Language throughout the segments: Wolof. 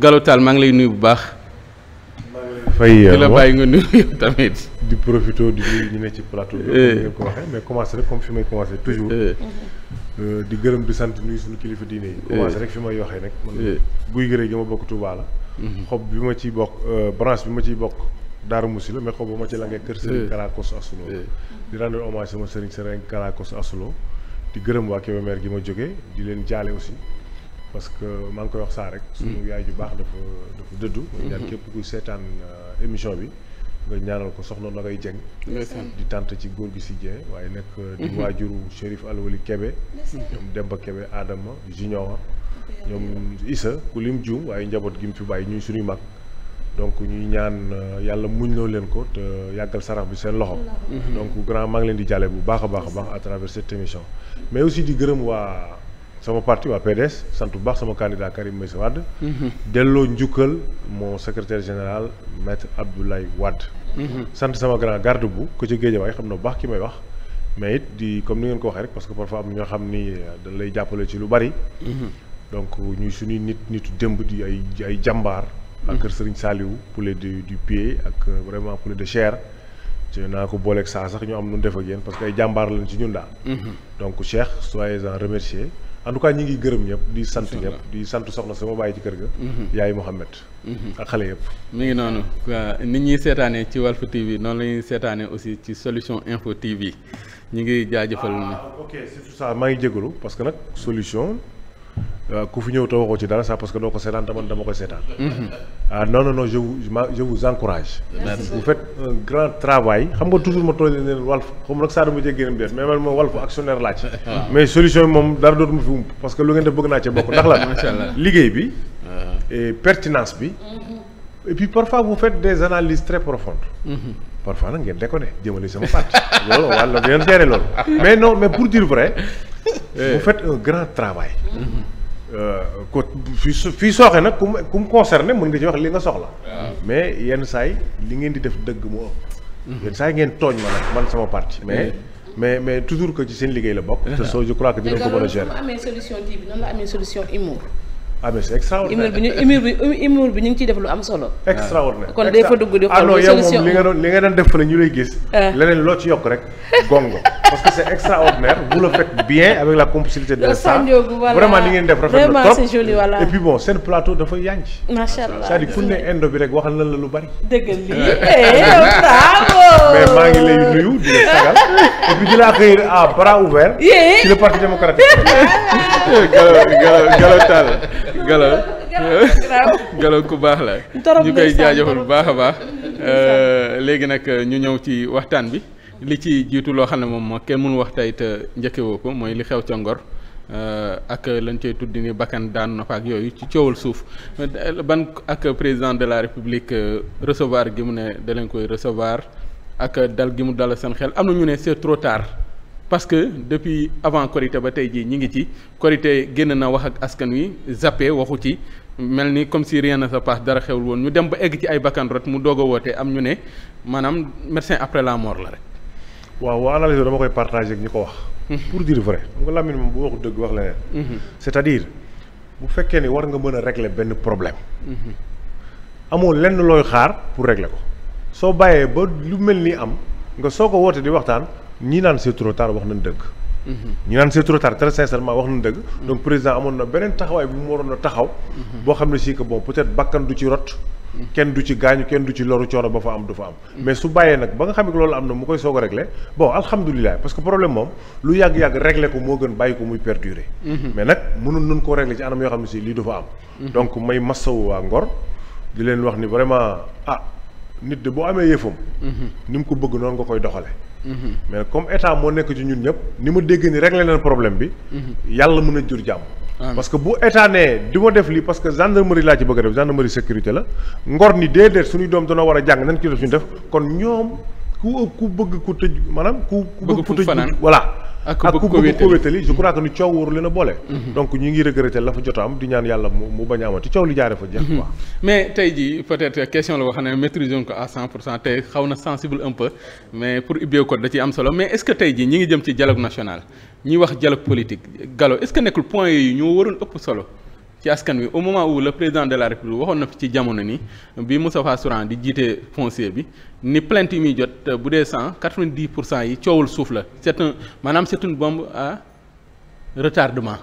Gallo Tall maa ngi lay nuyu bu baax. fay euh, di la bàyyi nga nuyu tamit. di profito di nuyu ñu ne ci plateau bi. Eh. ngeen ko mais commencé comme fi may commencé eh. toujours. Eh. Euh, di gërëm di sant nuyu suñu kilifa diine yi. commencé rek fi may waxee nag. man guy gërëm gi ma bokk Touba la. Mm-hmm. xob bi ma ciy bokk euh, branche bi ma ciy bokk. Daaru Musi la mais xob ba ma ci la ngee kër Serigne Kalakos Asulo di rendre hommage sama Serigne Serigne Kalakos Asulo di gërëm waa Kébémer gi ma jóge di leen jaale aussi parce que maa ngi koy wax saa rek. suñu hmm. yaay ju baax dafa dafa dëddu. mooy hmm. ñaan képp kuy seetaan euh, émission bi. nga ñaanal ko soxna Nogay Dieng. di tànt ci góor gi si Dieng waaye nekk. Euh, di hmm. waajuru Chérif Alwali Kébé. ñoom Demba aadama Adama Junior. ñoom Issa ku lim juum waaye njaboot gi mu fi bàyyi ñu suñuy mag. donc ñuy ñaan euh, yàlla muñ loo leen ko te yàggal sarax bi seen loxo. donc grand maa ngi leen di jàlle bu baax a baax a baax à travers cette émission. mais aussi di gërëm waa. sama parti waa PDS sant bu baax sama candidat Karim Meïssa Wade mhm. delloo njukkal mon secrétaire général maître Abdoulaye Wade mhm. sant sama grand garde bu ko ci Géejawaay xam na bu baax ki may wax mais it di comme ni ngeen ko waxee rek parce que parfois am ñoo xam ni euh, dana lay jàppale ci lu bari mhm. donc ñuy suñuy nit nitu démb di ay ay jàmbaar ak kër Serigne Saliou poulet du du pied ak euh, vraiment poulet de chair ci naa ko booleeg saa sax ñu am nu def parce que ay jàmbaar lañ ci ñun daal donc Cheikh soyez en remercié en tout cas ñi ngi gërëm ñëpp di sant ñëpp di sant soxna sama bàyyi ci kër ga mhm. yaay Mohamed mhm. ak xale yëpp mi ngi noonu nit ñuy seetaanee ci Walf TV noonu la ñuy seetaanee aussi ci Solution Info TV ñu ngi jaajëfal ah, ok c'est maa ngi jégalu parce que nag solution Euh, ku fi ñëw te waxoo ci dara ça parce que doo ko seetaan te dama koy seetaan. Mhm. ah non non non je vous grand travail. xam nga toujours ma toll nii leen Walf xaw ma nag Sadio mais solution moom dara dootu ma fi ump parce que lu ngeen def bëgg naa ci bokk ndax la. liggéey bi. Uh-huh. et pertinence bi. Mm-hmm. et puis parfois vous faites des analyses très profondes. Mm-hmm. parfois nag ngeen déconné jëmale sama parti loolu wàll ngeen géré loolu. mais non mais pour dire vrai. Eh. vous ko euh, fii su fii sooxe nag ku mu concerné mën nga ci wax li nga soxla. mais yenn saay li ngeen di def dëgg moo ëpp. Mhm. yenn saay ngeen tooñ ma nag man sama parti. Eh. mais mais mais toujours que ci seen liggéey la bokk. te soo je crois que dinañ ko mën a gérer. mais amee solution bii la amee solution humour. ah mais extraordinaire bi ñu immeuble bi immeuble bi ñu ngi ciy def lu am solo. Ah. extraordinaire kon day fa dugg di xool ah, solution li nga doon li nga doon def fële ñu lay gis. Ah. leneen loo ci yokk rek gongo parce que c'est extraordinaire vous le faites bien avec la complicité de l'instant vraiment bi ngeen def rafet na trop c'est joli voilà et puis bon seen plateau dafa yanc macha allah c'est-à-dire ne indo bi rek waxal na la lu bari. dëgg lii eh, bravo. maa ngi lay nuyu di la sagal et puis di la accueillir galo galo ku baax la ñu koy jaajëfal bu baax a baax euh, léegi nag ñu ñëw ci waxtaan bi li ci jiitu loo xam ne moom moo kenn mënu wax tey te njëkkewoo ko mooy li xew ca Ngor euh, ak lañ cey tuddi ni bakkan daanu na fa ak yooyu ci coowal suuf ban ak président de la république euh, recevoir gi mu ne da koy recevoir ak dal gi mu dala seen xel am na ñu ne c'est trop tard parce que depuis avant Korité ba tey jii ñi ngi ci Korité génn na wax ak askan wi zappé waxu ci mel ni comme si rien ne se passe dara xewul woon ñu dem ba egg ci ay bakkan rot mu doog a am ñu ne maanaam médecin après la mort la rek. waaw waa analyse dama koy partagé ak ñi ko wax. pour dire vrai xam nga Lamine moom bu waxu dëgg wax leneen. c'est-à-dire bu fekkee ni war nga mën a régler benn problème. amoo lenn looy xaar pour régler ko soo bàyyee ba lu mel ni am nga soo ko wootee di waxtaan. ñi naan c'est trop tard wax nañ dëgg. Mhm. ñi naan c'est trop tard très sincèrement wax nañ dëgg. Mhm. donc président amoon na beneen taxawaay bu mu waroon a taxaw. Mhm. boo xam ne si que bon peut-être bakkan du ci rot. kenn du ci gaañu kenn du ci loru coono ba fa am du fa am. mais su bàyyee nag ba nga xam ne loolu am na mu koy soog a réglé bon parce que problème moom lu yàgg yàgg réglé ko moo gën bàyyi ko muy perdurer. mais nag mënoon nañu koo réglé ci anam yoo xam ne si lii du fa am. di leen wax ni vraiment ah nit de boo amee yëfam. ni mu ko bëgg noonu nga koy doxale Mm-hmm. mais comme état moo nekk ci ñun ñëpp ni ma dégg rek réglé leen problème bi. Mm-hmm. yàlla mën a jur jàmm. parce que bu état ne du ma def lii parce que gendarmerie laa ci bëgg a def gendarmerie sécurité la ngor ni déedéet suñuy doom dana war a jàng nañ ci def suñu def kon ñoom ku ku bëgg ku tëj maanaam ku. ku bëgg ku tëj voilà. ak ku ko wétali je crois que ni coow wóor leen a boole mhm. donc ñu ngi regretter la fa jot am di ñaan yàlla mu bañ amati coow li fa jeex quoi mhm. mais tey jii peut-être question la boo xam ne mais pour ubbee ko da am solo mais est-ce que tey jii ñi ngi jëm ci dialogue national ñi wax dialogue politique Gallo est-ce que nekkul point yooyu ñoo waroon ëpp solo ci askan wi au moment où président de la république waxoon na fi ci jamono ni bi Moustapha Souran di jiite foncier bi ni plent yi muy jot bu dee cent quatre vingt pour cent yi coowul suuf la c'est un maanaam c'est une bombe à retardement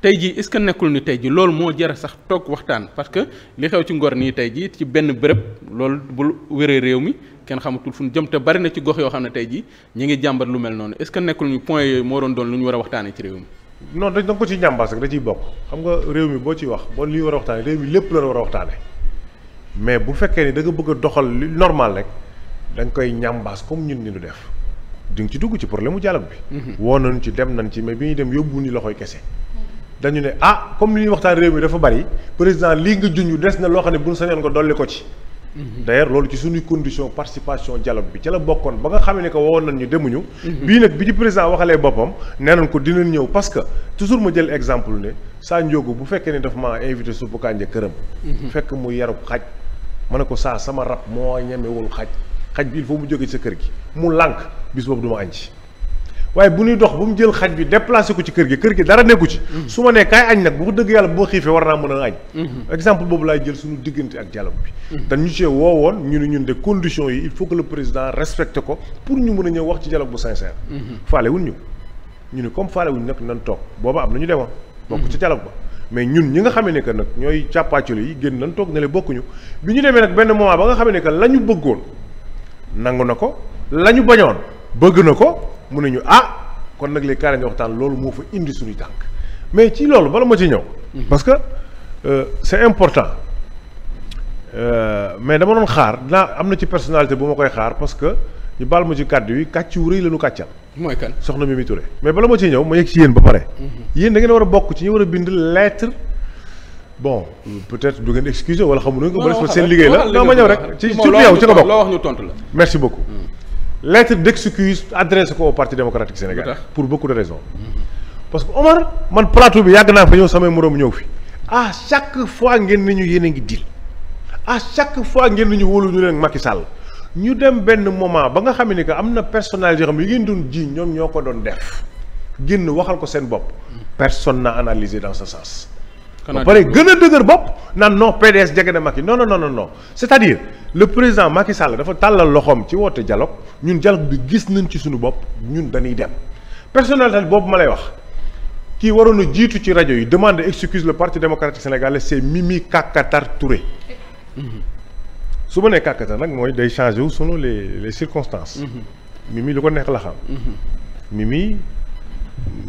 tey jii est-ce que nekkul ni tey jii lool moo jara sax toog waxtaan parce que li xew ci ngor nii tey jii ci benn bërëb loolu bul wéree réew mi kenn xamatul fu ñu jëm te bari na ci gox yoo xam ne tey jii ñu ngi jàmbat lu mel noonu est-ce que nekkul ni point yooyu moo lu ñu war a waxtaanee ci réew mi. non da nga ko ci ñambaas rek da ciy bokk xam nga réew mi boo ciy wax boo li ñu war a waxtaane réew mi lépp la war a waxtaane mais bu fekkee ni da nga bëgg a doxal li normal rek da koy ñambaas comme ñun ni du def di ci dugg ci problème mu dialogue bi mhm. woo nañu ci dem nañ ci mais bi ñuy dem yóbbu ni loxoy kese dañu ne ah comme li ñuy waxtaan réew mi dafa bari président lii nga junj des na loo xam ne buñ sañoon ko dolli ko ci Mhm. d' ailleurs loolu ci suñuy condition participation dialogue bi ci la bokkoon ba nga xamee ne ko wowoon nañ ñu demuñu. Mhm. bii nag bi ci président waxalee boppam nee nañ ko dinañ ñëw parce que toujours ma jël exemple ne saa njóogu bu fekkee ne daf maa invité suppu kànja këram. Mhm. fekk mu yarub xaj. ma ne ko saa sama rab moo ñemewul xaj xaj bi il faut mu jóge sa kër gi mu lànk bis boobu du añ ci waaye bu ñuy dox bu mu jël xaj bi déplacé ko ci kër gi kër gi dara nekku ci mm-hmm. su ma nee kaay añ nag bu dëgg yàlla boo xiifee war naa mën a añ mm-hmm. exemple boobu laay jël suñu diggante ak dialogue bi dañu mm-hmm. cee woowoon ñu ne ñun de conditions yi il faut que le ko pour ñu mën a ñëw wax ci dialogue bu sincère faale wuñ ñu ñu ne comme faale wuñ nag nan toog booba am na ñu demoon bokk ci dialogue ba mais ñun ñi nga xamee ne que nag ñooy càppaacule yi génn nan toog ne bokkuñu bi ñu demee nag benn moment ba nga xamee ne que la ñu bëggoon nangu na ko la ñu bañoon bëgg na ko mun ñu ah kon nag léegi kaare nga waxtaan loolu moo fa indi suñu tànk mais ci loolu bala ma ci ñëw. Mhm. parce que euh, c'est important euh, mais dama doon xaar dinaa am na ci personnalité bu ma koy xaar parce que ñu baal ma ci kàddu yi kàcc wu rëy la ñu kàccal. mooy kan soxna Mimi mais bala ma ci ñëw ma yegg ci yéen ba pare. Mhm. yéen da ngeen war a bokk ci ñu war a bind lettre. bon mhm. peut-être du ngeen excuse wala xamu nu ko. wala seen liggéey la non ma ñëw rek. ci surtout yow ci nga bokk loo wax ñu tontu la. merci beaucoup. lettre d'excuse adressé ko au parti démocratique sénégalais pour beaucoup de raisons parce que Omar man plateau bi yàgg naa fa ñëw samay moroom ñëw fi a chaque fois ngeen ni ñu yéen a ngi dil à chaque fois ngeen ni ñu wóolu ñu leen Macky Sall ñu dem benn moment ba nga xam ni que am na personnalité yoo xam ne yi ngeen doon jii ñoom ñoo ko doon def génn waxal ko seen bopp personne n'a analysé dans sa sens ba pare gën a dëgër bopp naan non PDS jege na Macky non non non non c'est-à-dire le président Macky Sall dafa tàllal loxoom ci woote dialogue ñun dialogue bi gis nañ ci suñu bopp ñun dañuy dem personnalité boobu ma lay wax kii waroon jiitu ci rajo yi demande excuse le parti démocratique sénégalais c'est Mimi Kakatar Touré mm-hmm. su ma nee Kakatar nag mooy day changé wu selon les les circonstances. Mm-hmm. Mimi lu ko neex la xam. Mm-hmm. Mimi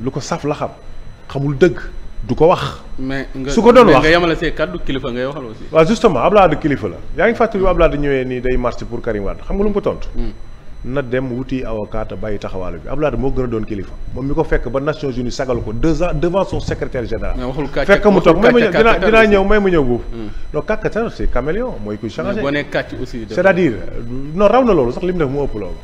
lu ko saf la xam xamul dëgg. du ko wax. su ko doon wax mais nga yamale kilifa ngay waxal aussi. waaw justement Abdoulaye Wade kilifa la yaa ngi fàttali bi Abdoulaye Wade ñëwee nii day marche pour Karim Wade xam nga lu mu ko tontu. Hmm. na dem wuti avocat te bàyyi taxawaalu bi Abdoulaye moo gën a doon kilifa moom mi ko fekk ba Nations Unies sagal ko deux ans devant son secrétaire général. fekk mu toog may ma ñëw dinaa dinaa ñëw may ma ñëw boobu. donc kàkkatar c'est caméléon mooy kuy changé. mais boo c'est-à-dire non raw na loolu sax lim mu def mu ëpp loolu.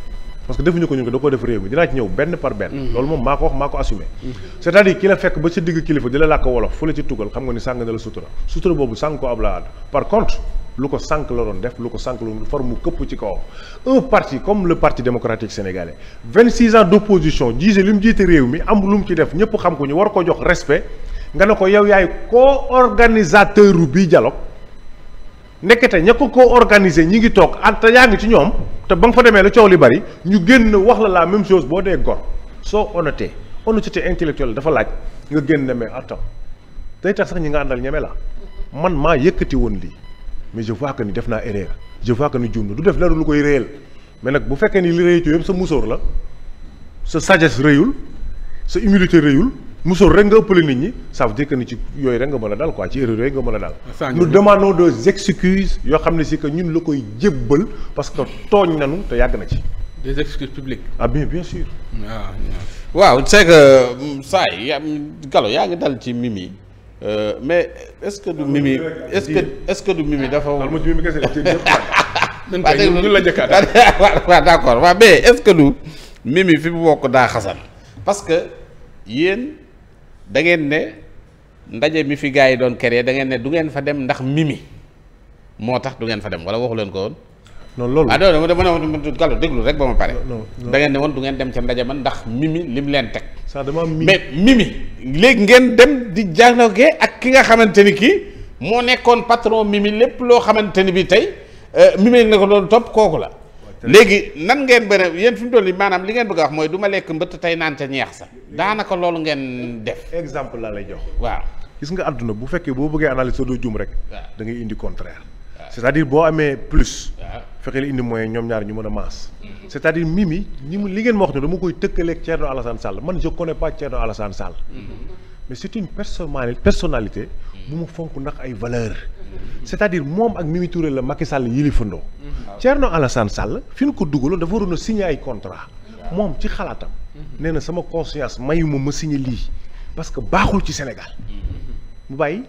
parce que defuñu ko ñu ko da koo def réew mi dinaa ci ñëw benn par benn mm-hmm. loolu moom maa ko wax maa ko assumé mm-hmm. c'est-à-dire ki la fekk ba ci digg kilifa di la làkk wolof fu la ci tugal xam nga ni sàng na la sutura sutura boobu sàng ko Abdoulaye Wade par contre lu ko sànq la doon def lu ko sànq la doon far mu këpp ci kawam un parti comme le parti démocratique sénégalais 26 ans d'opposition jiise li mu jiite réew mi am lu mu ci def ñëpp xam ko ñu war ko jox respect nga ne ko yow yaay co-organisateur bi dialogue nekkete ña ko ko organiser ñi ngi toog ak te yaa ngi ci ñoom te ba nga fa demee la coow li bari ñu génn wax la la même chose boo dee gor soo honnêté honnêteté intellectuelle dafa laaj nga génn mais attends day tax sax ñi nga àndal ñeme la man maa yëkkati woon lii mais je vois que ni def naa erreur je vois que ni juum na du def dara lu koy réel mais nag bu fekkee ni li réy ci yëpp sa musóor la sa sagesse réyul sa humilité réyul musóor rek nga ëppale nit ñi ça veut dire que ni ci yooyu rek nga mën a dal quoi ci erreur yooyu nga mën a dal ah, nous demandons des excuses yoo xam ne si que ñun la koy jébbal parce que tooñ nañu te yàgg na ci des excuses publiques ah bien bien sûr ah, waaw c'est que euh, saa yi galo yaa ngi dal ci Mimi euh, mais est-ce que du Mimi est-ce que est-ce que du Mimi dafa waaw d'accord waaw mais est-ce que du Mimi fi mu bokk daa xasan parce que yéen da ngeen ne ndaje mi fi gars yi doon créé da ngeen ne du ngeen fa dem ndax mimi moo tax du ngeen fa dem wala waxu leen ko woon. non loolu ah non dama ne ma déglu rek ba ma pare. da ngeen ne woon du ngeen dem ca ndaje man ndax mimi mu leen teg. ça dama mimi mais mimi léegi ngeen dem di dialoguer ak ki nga xamante ni kii moo nekkoon patron mimi lépp loo xamante ni bi tey euh, mimi na ko doon topp kooku la. léegi nan ngeen bëre yéen fi mu toll nii maanaam li ngeen bëgg a wax mooy du lekk mbëtt tey naan ca ñeex sa daanaka loolu ngeen def. exemple la lay jox. waaw gis nga àdduna bu fekkee boo bëggee analyse doo juum rek. da ngay indi contraire. c'est-à-dire boo amee plus. fexeel indi moyen ñoom ñaar ñu mën a maas. c'est-à-dire Mimi ñi li ngeen ma wax ne dama koy tëkkaleeg Thierno Alassane Sall man je connais pas Thierno Alassane Sall. Mm-hmm. mais c'est une personnalité personnalité bu mu fonk ndax ay valeur c'est-à-dire moom ak Mimi Touré la Macky Sall yilifandoo. Thierno Alassane Sall fi ñu ko dugaloon dafa waroon a signé ay contrat moom ci xalaatam. nee na sama conscience mayuma ma signé lii parce que baaxul ci senegal mu bàyyi.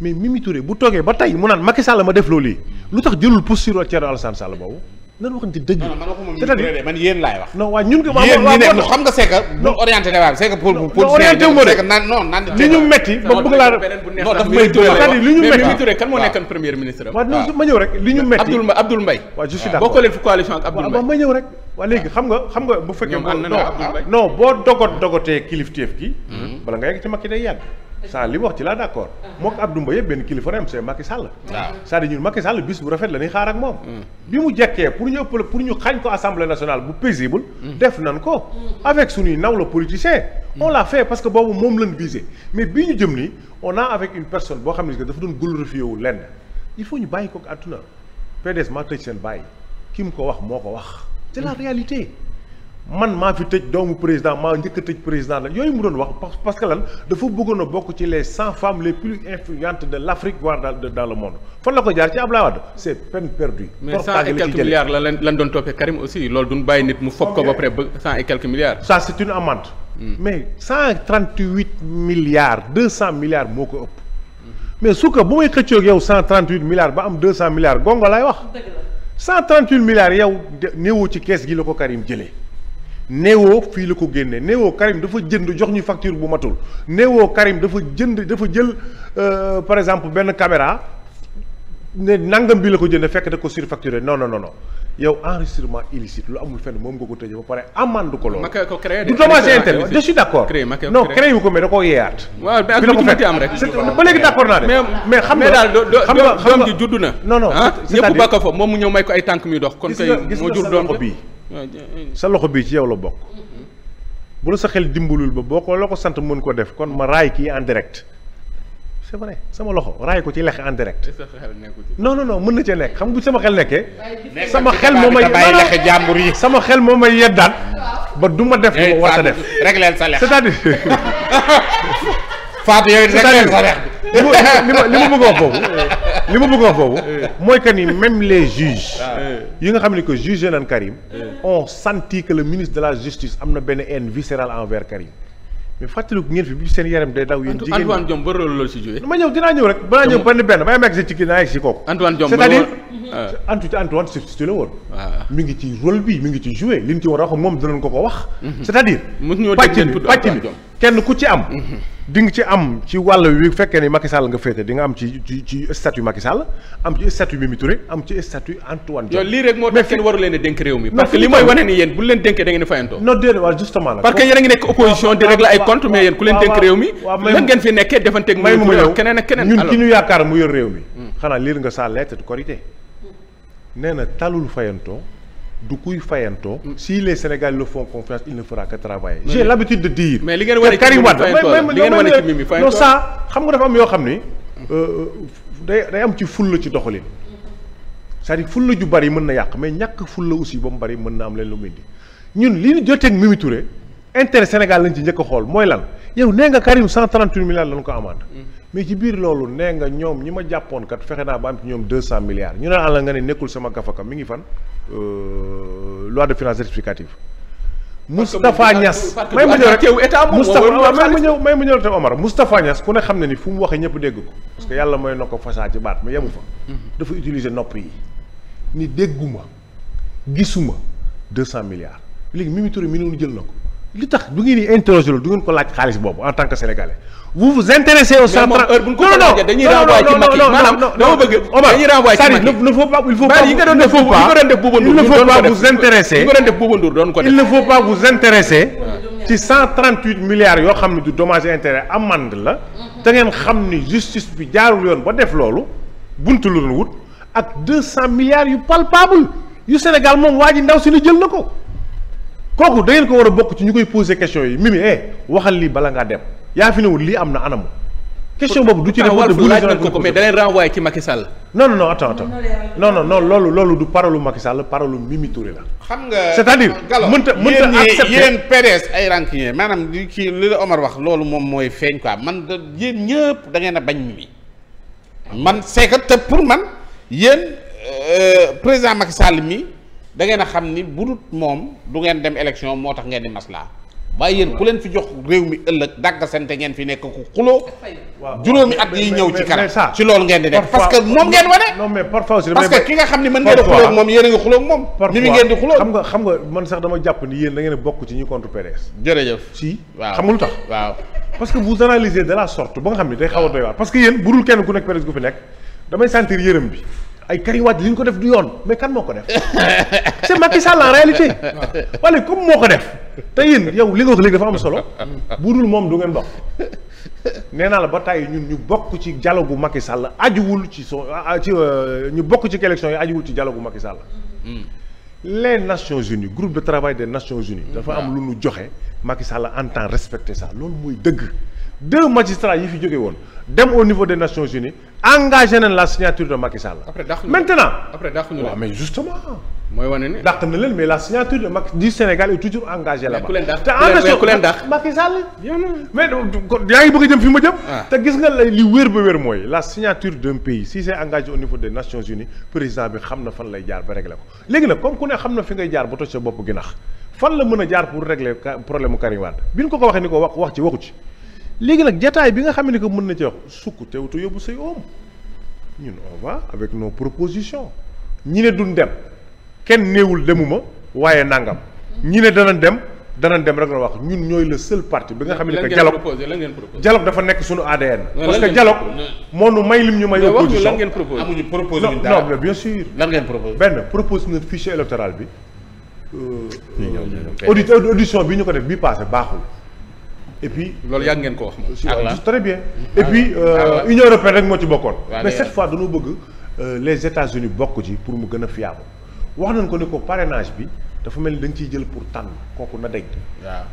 mais Mimi bu toogee ba tey mu naan Macky Sall ma def loolu lu tax jëlul posture Thierno Alassane Sall boobu. nan waxante dëgg. non man waxuma ñu man yéen laay wax. waa ñun ko waaw waaw xam nga c'est que. bu orienté na waaw pour pour. orienté wu ma li ñu metti ba bëgg laa non daf may turé c'est-à-dire li ñu metti mais Mimi moo nekkoon premier ministre. waaw waaw ma ñëw rek li ñu metti Abdoul Mbaye Abdoul Mbaye. waaw je suis ah, leen fi coalition ak Abdoul Mbaye. ma ñëw rek. waa léegi xam nga xam nga bu fekkee. boo dogot dogotee kilifteef gi. Hmm. bala nga yegg ci Macky day yàgg saa li mu wax ci laa d' accord ah. mook Abdou Mbaye yëpp benn kilifa rem c'est Macky Sall ah. cest à ñun Macky Sall bis bu rafet la ñuy xaar ak moom hmm. bi mu jekkee pour ñu ëppale pour ñu xañ ko assemblée nationale bu paisible hmm. def nan ko hmm. avec suñuy naw la politicien on l'a fait parce que boobu moom lañ visé mais bii ñu jëm nii on a avec une personne boo xam ne dafa doon glorifié wu lenn il faut ñu bàyyi ko ak àdduna PDS maa tëj seen bàyyi ki mu ko wax moo ko wax c'est la réalité man maa fi tëj doomu président maa njëkk a tëj président la yooyu mu doon wax parce que lan dafa bëggoon bokk ci les cent femmes les plus influentes de l' Afrique voire dans le monde fan la ko jaar ci Abdoulaye Wade c' est peine perdue. mais cent et quelques milliards la lan lan doon toppee Karim aussi loolu duñ bàyyi nit mu fob ko ba pare ba cent et quelques milliards. ça c' est une hmm. mais cent trente huit milliards deux cent milliards moo ko ëpp. mais su bu may xëccoog yow cent trente huit milliards ba am deux cent milliards gongo laay wax. dëgg la cent trente huit milliards yow ci kees gi la ko Karim jëlee. néewoo fii la ko génnee néewoo Karim dafa jënd jox ñu facture bu matul néewoo Karim dafa jënd dafa jël euh, par exemple benn caméra ne nangam bi la ko jënd fekk da ko surfacturé non non non non yow enregistrement ko tëjee ba pare amande ko loolu. ma ko créé du dommage am rek. ba léegi d' accord naa de. mais xam nga daal xam nga doom ji judd na. non non c' est ba ko fa moom mu ñëw may ko ay tànk muy dox. kon kay moo jur doom bi sa loxo bi ci yow la bokk bu la sa xel dimbalul ba boo ko la ko sant mën ko def kon ma raay kii en direct sama loxo raay ko ci lex en direct. non non non mën na cee nekk xam bu sama xel nekkee. sama xel moo may jàmbur yi sama xel moo may yeddaat ba du ma def lu ma war a def. sa lex c'est-à-dire. yooyu li ma li ma bëgg foofu li ma bëgg wax foofu eh. mooy que ni même les juges ah. eh. yi nga xam ni que jugé nañ Karim eh. ont senti que le ministre de la justice am na benn haine viscérale envers Karim mais fàttaliku ngeen fi bi seen yaram day daw yéen jigéen ma ñëw dinaa ñëw rek banaa ñëw benn benn may mag si ci kii naa yegg si kooku Antoine Diome c'est-à-dire ah. antu ci Antoine substitut la woon ah. mi ngi ci rôle bi mi ngi ci joué li ñu ci war a wax moom dinañ ko ko wax mhm. c'est-à-dire pàcc ku ci am mhm. di nga ci am ci wàll wi fekkee ni Macky Sall nga féete di nga am ci ci ci statut Macky Sall am ci statut Mimi Touré am ci statut Antoine Diome. lii rek moo tax kenn waru leen a dénk réew mi. parce que li mooy wane ni yéen bu leen dénkee da ngeen di fayantoo. parce que yéen ngi nekk opposition di régler ay compte mais yéen ku leen dénk réew mi. waaw ngeen fi nekkee defanteeg. may mu ñëw keneen ak ñun ki ñu yaakaar mu yor réew mi. Hmm. xanaa liir nga sa lettre de Korité hmm. nee na talul fayantoo du kuy fayantoo. Mm. si les Sénégalais le font confiance il ne fera que travailler. j'ai l'habitude de dire. mais li ngeen Karim Wade non ça xam nga dafa am yoo xam ne. Mm. Euh, euh, day day am ci fulla ci doxalin. c'est-à-dire fulla ju bari mën na yàq mais ñàkk fulla aussi ba mu bari mën na am leen lu mu ñun li ñu joteeg Mimi Touré intérêt Sénégal lañ ci njëkk xool mooy lan yow nee nga Karim 131 milliards lañ ko amande. Mm. mais ci biir loolu nee nga ñoom ñi ma jàppoon kat fexe naa ba am ci ñoom deux cent milliards ñu ne àll nga ne nekkul sama gafaka mi ngi fan euh, loi de finances rectificative Moustapha Niass may ma ñëw rek Moustapha may ma ñëw may ma ñëw tam Omar Moustapha Niass ku ne xam ne ni fu mu waxee ñëpp dégg ko parce que yàlla mooy nokk fasaa ci baat mu yemu fa mhm. dafa utiliser nopp yi ni dégguma gisuma deux cent milliards léegi Mimi Touré mi mu jël na ko li tax du ngeen di interroger du ngeen ko laaj xaalis boobu en tant que sénégalais. vous vous intéressez au centre. mais moom heure dañuy renvoyer ci Macky maanaam dama bëgg. dañuy renvoyer ci Macky ne faut pas il faut pas il ne faut pas vous intéresser il ne faut pas vous intéresser ci 138 milliards yoo xam ne du dommage intérêt amande la. Mhm. te ngeen xam ni justice bi jaarul yoon ba def loolu buntu lu wut ak 200 milliards yu palpable yu Sénégal moom waa ji ndaw si ni jël na ko. kooku da ngeen ko war a bokk ci ñu koy posé question yi mimi eh waxal lii bala ngaa dem yaa fi newul lii am na anamu. question boobu du ci def ko ko mais da leen renvoyé ci Macky Sall. non non non attends attends non non non loolu loolu du parolu Macky Sall parolu Mimi Touré la. xam nga c'est-à-dire mënta mënta accepté yéen PDS ay rancunier maanaam li kii li la Omar wax loolu moom mooy feeñ quoi man da yéen ñëpp da ngeen a bañ Mimi man c'est que pour man yéen euh, président Macky Sall mi. da ngeen a xam ni bu dut moom du ngeen dem élection moo tax ngeen di maslaa waaye yéen ku leen fi jox réew mi ëllëg dàggasante ngeen fi nekk ku xuloo juróomi at yi ñëw ci kanam ci loolu ngeen di def parce que moom ngeen wane non mais parfois parce que ki nga xam ni mën ngeen a xuloo moom yéen a ngi xuloo moom ni mi ngeen di xuloo xam nga xam nga man sax dama jàpp ni ngeen a bokk ci ñi contre PDS jërëjëf si waaw xam nga lu tax waaw parce que day xaw a que yéen budul kenn ku nekk PDS gu fi nekk damay sentir yërëm ay Karim Wade li ñu ko def du yoon mais kan moo ko def c'est Macky Sall en réalité. wala comme moo ko def te yéen yow li nga wax léegi dafa am solo bu dul moom du ngeen bokk nee naa la ba tàyyi ñun ñu bokk ci dialogue gu Macky Sall ajuwul ci son ci euh, ñu bokk ci élection yi ajuwul ci dialogue gu Macky Sall. Mm. les Nations Unies groupe de travail des Nations Unies. Mm. dafa am lu ñu joxe Macky Sall entend respecter ça loolu mooy dëgg. deux magistrats yi fi jóge woon dem au niveau des Nations Unies engagé nañ la signature de Macky Sall. après na leen mais la signature de Macky du Sénégal est toujours engagée là-bas. te engagé ku leen dàq Macky Sall. mais yaa ngi bëgg a jëm fi ma jëm. Ah. te gis nga li wér ba wér mooy la signature d'un pays si c'est engagé au niveau des Nations Unies président bi xam na fan lay jaar ba réglé ko léegi nag comme ku ne xam na fi ngay jaar ba toj sa bopp gi nax fan la mën a jaar pour régler problème mu Karim bi ñu ko ko waxee ni ko wax wax ci. léegi nag jataay bi nga xam ne que mën na ci wax sukk teewutu yóbbu say oom ñun on va avec nos propositions ñi ne duñ dem kenn néewul demuma waaye nangam ñi ne dana dem dana dem rek la wax ñun ñooy le seul parti bi nga xam ne que dialogue dialogue dafa nekk suñu ADN parce que dialogue moo nu may lim ñu may opposition lan ngeen proposé amuñu proposé non mais bien sûr lan ngeen proposé benn proposé na fichier électoral bi euh, audit audition bi ñu ko def bi passé baaxul et puis loolu yàgg ngeen ko wax moom très bien et puis euh, Union européenne rek moo ci bokkoon mais cette fois dañoo bëgg euh, les États-Unis bokk ci pour mu gën a fiable wax nañ ko ni ko parrainage bi dafa mel ni da nga ciy jël pour tànn kooku na dégg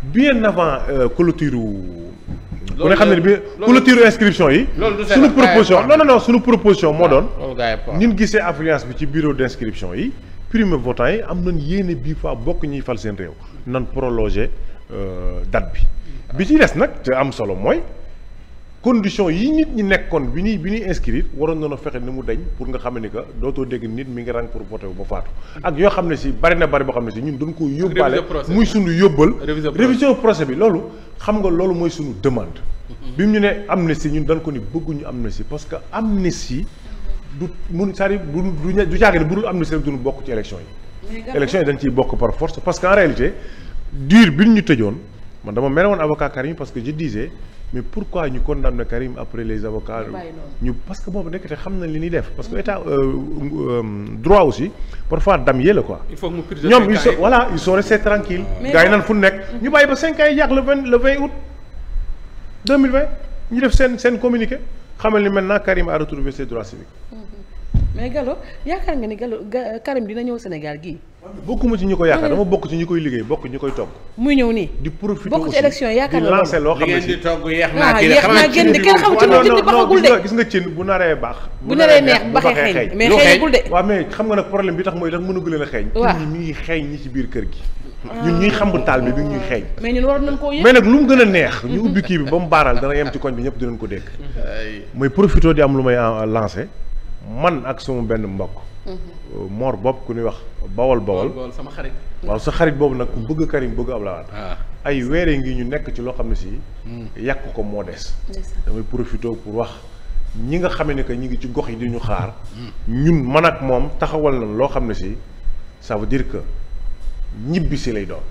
bien avant euh, clôture ku ne xam ne bi clôture inscription yi suñu proposition non non non suñu proposition moo doon ñun gisee affluence bi ci bureau d'inscription yi prime votant yi am nañ yéene bii fois bokk ñuy fa seen réew nan prolonger date bi bi ci des nag te am solo mooy condition yi nit ñi nekkoon bi ñuy bi ñuy inscrire waroon nañoo fexe ni mu deñ pour nga xam ne que dootoo dégg nit mi ngi rang pour voter wu ba faatu ak yoo xam ne si bari na bari boo xam ne si ñun dañ ko yóbbaale muy sunu yóbbal révision procès bi loolu xam nga loolu mooy sunu demande bi mu ñu ne si ñun dañ ko ni bëgguñu amnistie parce que amnistie du mun c'est-à-dire du du jaage ne bu dul amnistie rek duñu bokk ci élection yi élection yi dañ ciy bokk par force parce que en réalité diir bi ñu tëjoon man dama mere woon avocat Karim parce que je disais mais pourquoi ñu condamne Karim après les avocats ñu parce que boobu nekk te xam na li ñuy def parce que état euh, euh, droit aussi parfois dam yee la quoi ñoom ils sont voilà ils sont restés tranquilles gars yi naan fu nekk ñu bàyyi ba cinq ans yi yàq le vingt le vingt deux mille vingt ñu def seen seen communiqué xamal ni maintenant Karim a retrouvé ses droits civiques mm-hmm. mais galo yaakaar nga ni Gallo Karim dina ñëw Sénégal gii. bokkuma ci ñu ko yaakaar dama bokk ci ñu koy liggéey bokk ñu koy togg. muy ñëw nii di profité bokk ci élection yaakaar di loo xam ne si di togg yeex naa kii ah, xam naa ci lu jënd baxagul baax. bu naree neex bu baxee xeeñ mais xeeñagul xam nga nag problème bi tax mooy tax mënagu a xeeñ. waaw mi ngi xeeñ ñi ci biir gi. ñun ñuy xamb taal bi bi ñuy xeeñ. mais ñun war nañ koo a neex. ñu kii bi ba mu baaral dana yem ci bi ñëpp dinañ ko dégg. mooy profité di am lu may lancé man ak suma benn mbokk. moor bopp ku ñuy wax bawol bawol. sama xarit. waaw sa xarit boobu nag ku bëgg Karim bëgg Abdoulaye Wade. Ah. ay weere ngi ñu nekk ci loo xam ne si. Hmm. yàq ko moo des. damay profité pour wax ñi nga xam ne que ñi ngi ci gox yi duñu xaar. Hmm. ñun man ak moom taxawal na loo xam ne si ça veut que ñibbi si lay doon.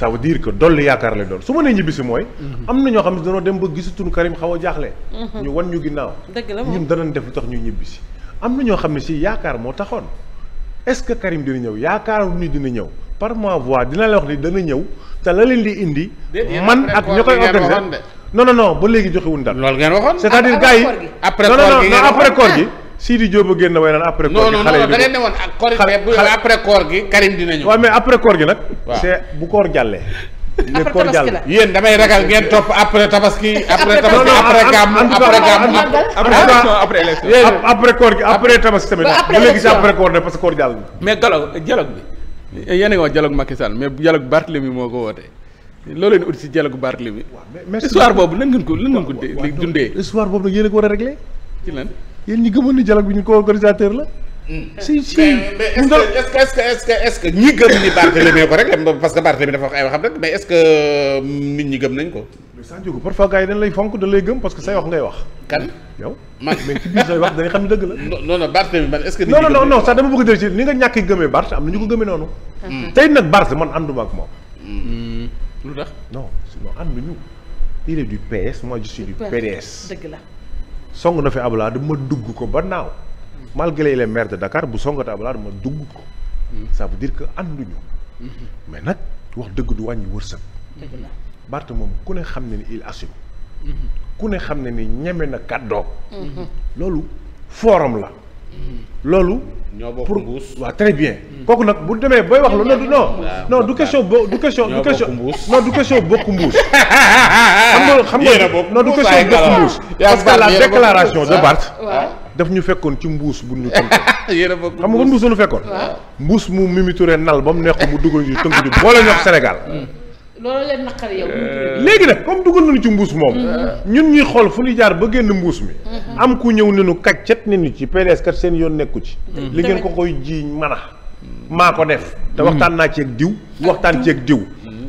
ça veut dire que dolli yaakaar lay doon su ma nee ñibbisi mooy. Mhm. am na ñoo xam ne dañoo dem ba gisatuñu Karim xaw a jaaxle. Mhm. ñu wan ñu ginnaaw. ñun danañ def lu tax ñu ñibbisi. am na ñoo xam ne si yaakaar moo taxoon est-ce que Karim dina ñëw yaakaaru ni dina ñëw par ma voix dina la wax ni dana ñëw te la leen di indi. man ak ña koy organiser non non non ba léegi joxewuñ dal. loolu ngeen waxoon cest à après koor gi. Sidi Diop a génn way naan après. koor gi non non da ngeen ne woon ak koor après koor gi Karim dina ñëw. waaw mais après koor gi nag. c'est bu koor jàllee. après koor gi après tabaski tamit. après koor ne parce que koor jàll mais dialogue dialogue bi yéen a wax dialogue Macky Sall mais dialogue Barthélemy moo ko woote loolu leen ut si dialogue Barthélemy. mais mais histoire boobu lan ngeen ko lan ngeen ko dundee. histoire boobu nag yéen ko war a réglé. yéen ñi gëmoon ni dialogue bi ñu ko organisateur la. Hmm. si si que que est ñi gëm ni Barthélémy ko rek parce que Barthélémy dafa wax ay waxam rek mais est-ce euh, ñi gëm nañ ko. Sadio parfois gars yi lay fonk dañ lay gëm parce que say wax ngay wax. kan yow man mais ci biir say wax dañuy xam ne dëgg la. non non Barthélémy man est-ce que. non non non sax a déglu am na ñu ko gëmee noonu. Hmm. tey nag Barth man ànduma moom. Hmm. lu tax non sinon ànduñu il est du PS moi je du PDS. la. song na fi Ablaye ma dugg ko ba naaw mm. malgré les maires Dakar bu songate Ablaye ma dugg ko. Mm. ça veut dire que ànduñu. Mm-hmm. mais nag wax dëgg du wàññi wërsëg. dëgg la Barth moom ku ne xam ne ni il assume. Mm-hmm. ku ne xam ne ni ñeme na kàddoo. Mm-hmm. loolu forum la. loolu. ñoo bokk mbuus waaw très bien. kooku nag bu demee booy wax loolu non non du question bo du question du question non du question bokk mbuus. xam nga xam nga du question bokk mbuus. parce que la déclaration de Barth. Ah. Ah. daf ñu fekkoon ci mbuus bu nu ñu tënk. xam nga mbuus la ñu fekkoon. Ah. mbuus mu Mimi Touré nal ba mu nekk mu dugal ñu tënk di boole ñox Sénégal. Hmm. loolu leen euh, léegi nag comme dugal nañu ci mbuus moom. ñun ñuy xool fu ñu jaar ba génn mbuus mi. am ku ñëw ne nu cet ne ñu ci PDS kat seen yoon nekku ci. Mm. li ngeen ko koy jiiñ mën a. maa ko def. te waxtaan naa ci ak diw. Mm. waxtaan ci ak mm. diw.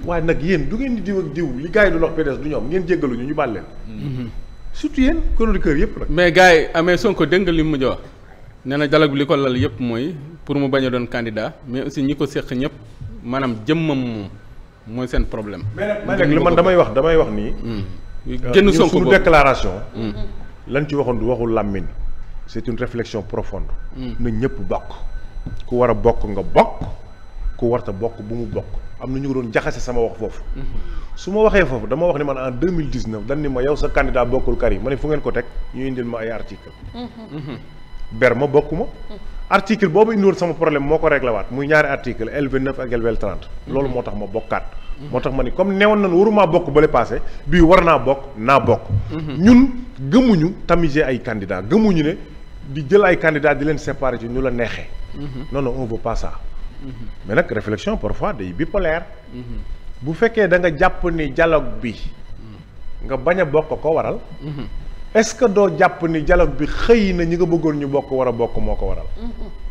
waaye nag yéen du ngeen di diw ak diw li gars yi du lox PDS du ñoom ngeen jéggalu ñu ñu baal leen. Mm-hmm. surtout yéen chroniqueur yëpp nag. mais gars yi amee Sonko dégg nga li mu mujj wax nee na dialogue bi li ko lal yëpp mooy pour mu bañ a doon candidat mais aussi ñi ko seq ñëpp maanaam jëmmam moom mooy seen problème. mais nag li man damay wax damay wax nii. Hmm. Euh, génn Sonko suñu hmm. hmm. lan ci waxoon du waxul làmmin c'est une réflexion profonde. na ñëpp bokk. ku war a bokk nga bokk. ku warta bokk bu mu bokk am na ñu ko doon jaxase sama wax foofu. su ma waxee foofu dama wax ni man en deux mille dix neuf dañ ni ma yow sa candidat bokkul Karim ma ne fu ngeen ko teg ñu indil ma ay article ber ma bokk ma. article boobu indiwoon sama problème moo ko réglé waat muy ñaari article L29 ak L30. loolu moo tax ma bokkaat. moo tax ma ni comme newoon nañ warumaa bokk bale paase bii war naa bokk naa bokk. ñun gëmuñu tamiser ay candidats gëmuñu ne di jël ay candidats di leen séparer ci ñu la neexee. non non on veut pas ça. mais nag réflexion parfois day bipolaire. bu fekkee da nga jàpp ni dialogue bi. nga bañ a bokk ko waral. est-ce que doo jàpp ni dialogue bi xëy na ñi nga bëggoon ñu bokk war a bokk moo ko waral.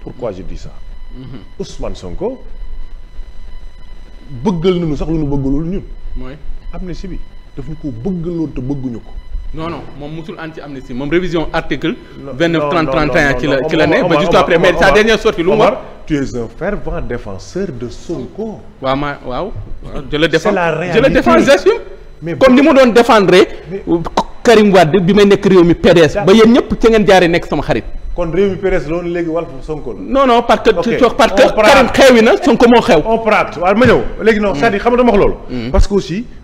pourquoi je dis ça. Ousmane Sonko bëggal mu sax lu ñu bëggalul ñun. mooy amnistie bi daf ñu ko bëggaloon te bëgguñu ko. noonu moom musul anti amnistie moom révision article. non non non 29 30 31 ci la ci la ne. ba juste après mais sa dernière sortie lu mu war. tu es un fervent défenseur de Sonko. waaw ma waaw. je le défends je le défends comme ni mu doon défendre. Karim Wade bi may nekk réew mi PDS. ba yéen ñëpp ca ngeen jaaree nekk sama xarit. kon réew mi PDS loolu léegi Karim xewi na Sonko moo xew. on prate ma ñëw. léegi non cest à wax loolu. Mm.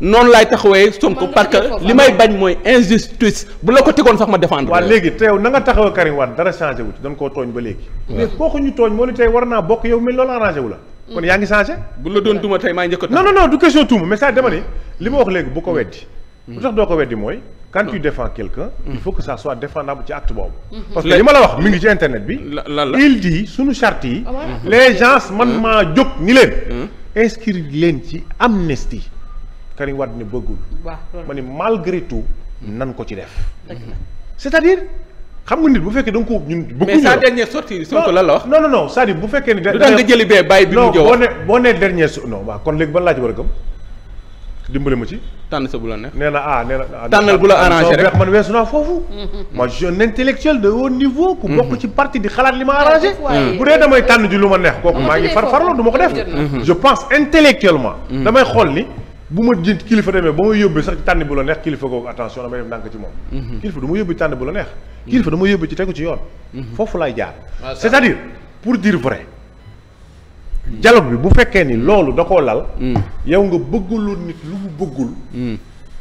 noonu laay taxawee Sonko parce que li may bañ mooy injustice bu la ko tegoon sax ma défendre. waa léegi te yow na nga taxawee Karim Wade dara changé wu ci dañ koo tooñ ba léegi. mais kooku ñu tooñ moo ni tey war naa bokk yow mi loolu arrangé wu la. kon yaa ngi changé. bu la doon tuuma tey maa njëkk non non non du question tuuma mais ça li ma wax léegi bu ko mm. weddi. lu tax doo ko weddi mooy. quand mm. tu défends quelqu'un mm. il faut que ça soit défendable ci acte boobu. Mm-hmm. parce que li ma la ci internet bi. Karim Wade ne bëggul. ma ne malgré tout nan ko ci def. c'est-à-dire xam nga nit bu fekkee da nga ko ñun. bëgguñu mais sa dernière sortie Sonko la la wax. non non non dire bu fekkee ni. da nga jëli bee bàyyi bi mu jox non boo nee boo nee dernière so non waaw kon léegi ban laa ci war a gëm dimbale ma ci. tànn sa bu la neex. nee na ah nee na. Ah, tànnal bu la ah, arrangé rek man weesu naa foofu. Mhm. moi je suis un de haut niveau. ku bokk mhm. ci parti di xalaat li ma arrangé. bu dee damay tànn ji lu ma neex. kooku mhm. maa ngi far farloo du ma ko def. je pense intellectuellement. damay xool ni. bu ma jënd kilifa demee ba ma yóbbee sax tànn bu la neex kilifa googu attention damay def ndànk ci moom mhm. kilifa du ma yóbbee tànn bu la neex kilifa dama yóbbee ci tegu ci yoon mhm. foofu lay jaar c'est-à-dire pour dire vrai dialogue bi bu fekkee ni loolu da koo lal mhm. yow nga bëggaloon nit lu mu bëggul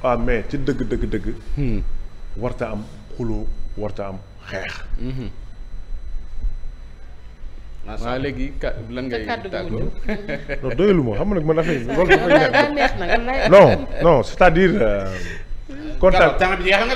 waaw ah, mais ci dëgg dëgg dëgg warta am xuloo warta am xeex waaw léegi ka lan ngay tàggoo non doylu ma xam nga nag man affaire yi loolu dafa neex nag non non c'est-à-dire euh, contact temps bi nga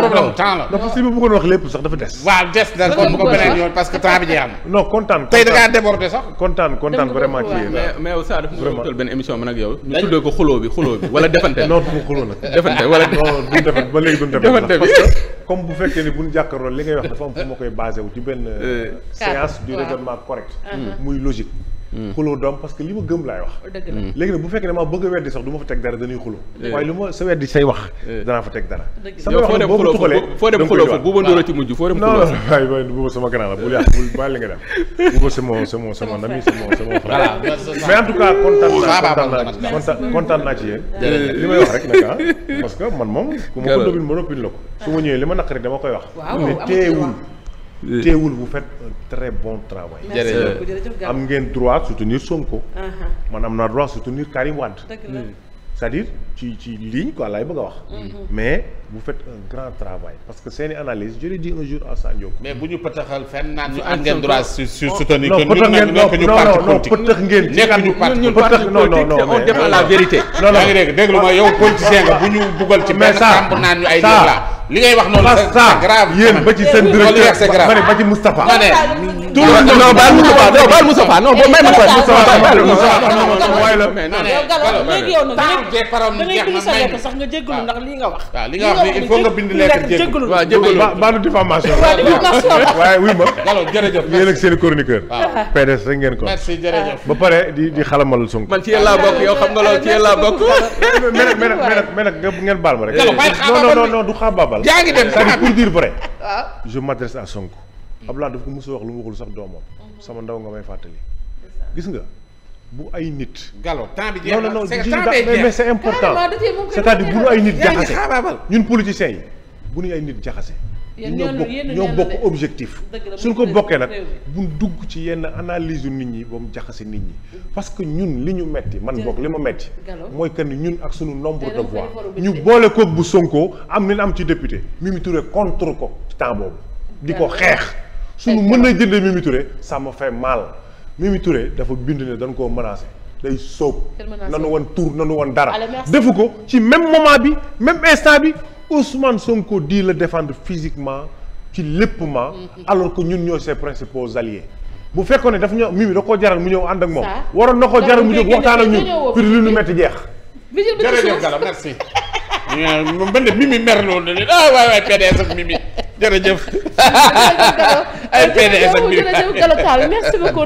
problème temps la dafa si ma bëggoon wax lépp sax dafa des waaw des na kon bu ko beneen yoon parce que temps bi jeex na non kontaan tey da ngaa déborder sax kontaan vraiment ci yéen mais mais ça dafa ñu tol benn émission man ak yow ñu tuddee ko xuloo bi xuloo bi wala defante non du xuloo nag defante wala duñ defante ba léegi duñ defante parce comme bu fekkee ni buñ jàkkaarloo li ngay wax dafa am fu ma koy basé wu benn euh, séance du xuloo doom parce que li ma gëm laay wax léegi nag bu fekkee ne bëgg a weddi sax du fa teg dara dañuy xuloo waaye lu ma sa weddi say wax danaa fa teg dara sama wax boo ah. ma sama grand la bul yàq bul baal nga dem buuba sama sama sama nami sama sama frère mais en tout cas kontaan naa kontaan kontaan naa ci yéen li may wax rek nag ah, parce que man moom ma ko dóobin ma roppin la ko su ma ñëwee li ma naq rek dama koy wax teewul Euh, teewul vous faites un très bon travail. am ngeen droit soutenir Sonko. Uh-huh. man am naa droit soutenir Karim Wade. Hmm. cest ci ci ligne quoi laay bëgg a wax. Mm-hmm. Hmm. mais vous faites un grand travail parce que seeni analyse je l'ai dit un jour à mais bu ñu pëtaxal fenn naan ñu am ngeen droit sur sur soutenir. non pëtax ngeen non non non pëtax ngeen ñu parti politique non non non on défend la vérité. non non yaa ngi dégg déglu ma yow politicien nga bu ñu buggal ci benn camp naan ñu ay. mais ça li ngay wax noonu. c'est grave yéen ba ci seen. directeur ma ne ba ci Moustapha. non baal Moustapha non baal Moustapha non may ma baal Moustapha baal Moustapha non sax nga jéggalu ndax lii nga wax waaw li nga wax il faut nga bind lettre jéggalu waaw jéggalu baalu diffamation waaye wuy ma galo jërëjëf yéen ak seen chroniqueur PDS rek ngeen ko merci jërëjëf ba pare di di xalamal Sonko man ci yéen laa bokk yow xam nga loolu ci yéen laa bokk mais nag mais nag ngeen baal ma rek non non non du xaabaabal yaa ngi dem c'est-à-dire pour dire vrai ah. je m'adresse à Sonko Mm. Abdoulaye daf ko mos wax lu mu waxul sax doomam. Mm-hmm. sama ndaw nga may fàttali. gis nga bu ay nit. Gallo temps bi jeex na non non mais c'est important c'est-à-dire bu ñu ay nit jaxase ñun politiciens yi bu ñu ay nit jaxase. ñoo bokk ñoo bokk objectif suñ ko bokkee nag bu dugg ci yenn analyse yu nit ñi ba mu jaxase nit ñi parce que ñun li ñu metti man bokk li ma metti mooy que ñun ak suñu nombre de voix ñu boole koog bu Sonko am nañ am ci député Mimi Touré contre ko ci temps boobu di ko xeex suñu mën na jëndee Mimi Touré ça me fait mal Mimi Touré dafa bind ne dañ koo menacé day soob nanu wan tour nanu wan dara defu ko ci même moment bi même instant bi Ousmane Sonko di la défendre physiquement ci lépp ma mhm. alors que ñun ñooy ses principaux alliés bu fekkoon ne daf ñoo Mimi da koo jaral mu ñëw ànd ak moom waroon na ko jaral mu jóg waxtaan ak ñun pour li ñu metti jeex jërëjëf moom ba ne mimi mer loolu ne ah waay waay PDS ak mimi jërëjëf ay PDS ak mimi merci beaucoup